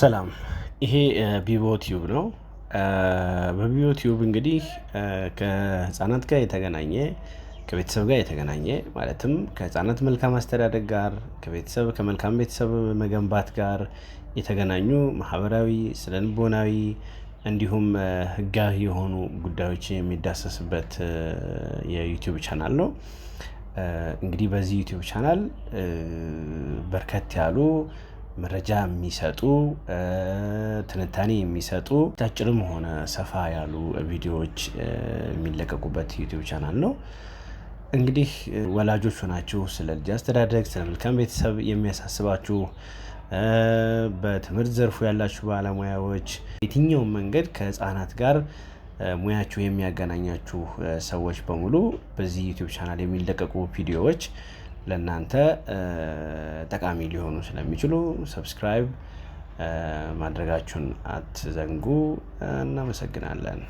ሰላም፣ ይሄ ቢቦ ቲዩብ ነው። በቢቦ ቲዩብ እንግዲህ ከህፃናት ጋር የተገናኘ ከቤተሰብ ጋር የተገናኘ ማለትም ከህፃናት መልካም አስተዳደግ ጋር ከቤተሰብ ከመልካም ቤተሰብ መገንባት ጋር የተገናኙ ማህበራዊ፣ ስነልቦናዊ እንዲሁም ህጋዊ የሆኑ ጉዳዮች የሚዳሰስበት የዩቲዩብ ቻናል ነው። እንግዲህ በዚህ ዩቲዩብ ቻናል በርከት ያሉ መረጃ የሚሰጡ ትንታኔ የሚሰጡ አጭርም ሆነ ሰፋ ያሉ ቪዲዮዎች የሚለቀቁበት ዩቲዩብ ቻናል ነው። እንግዲህ ወላጆች ሆናችሁ ስለ ልጅ አስተዳደግ፣ ስለ መልካም ቤተሰብ የሚያሳስባችሁ በትምህርት ዘርፉ ያላችሁ ባለሙያዎች፣ የትኛውን መንገድ ከህፃናት ጋር ሙያችሁ የሚያገናኛችሁ ሰዎች በሙሉ በዚህ ዩቲዩብ ቻናል የሚለቀቁ ቪዲዮዎች ለእናንተ ጠቃሚ ሊሆኑ ስለሚችሉ ሰብስክራይብ ማድረጋችሁን አትዘንጉ። እናመሰግናለን።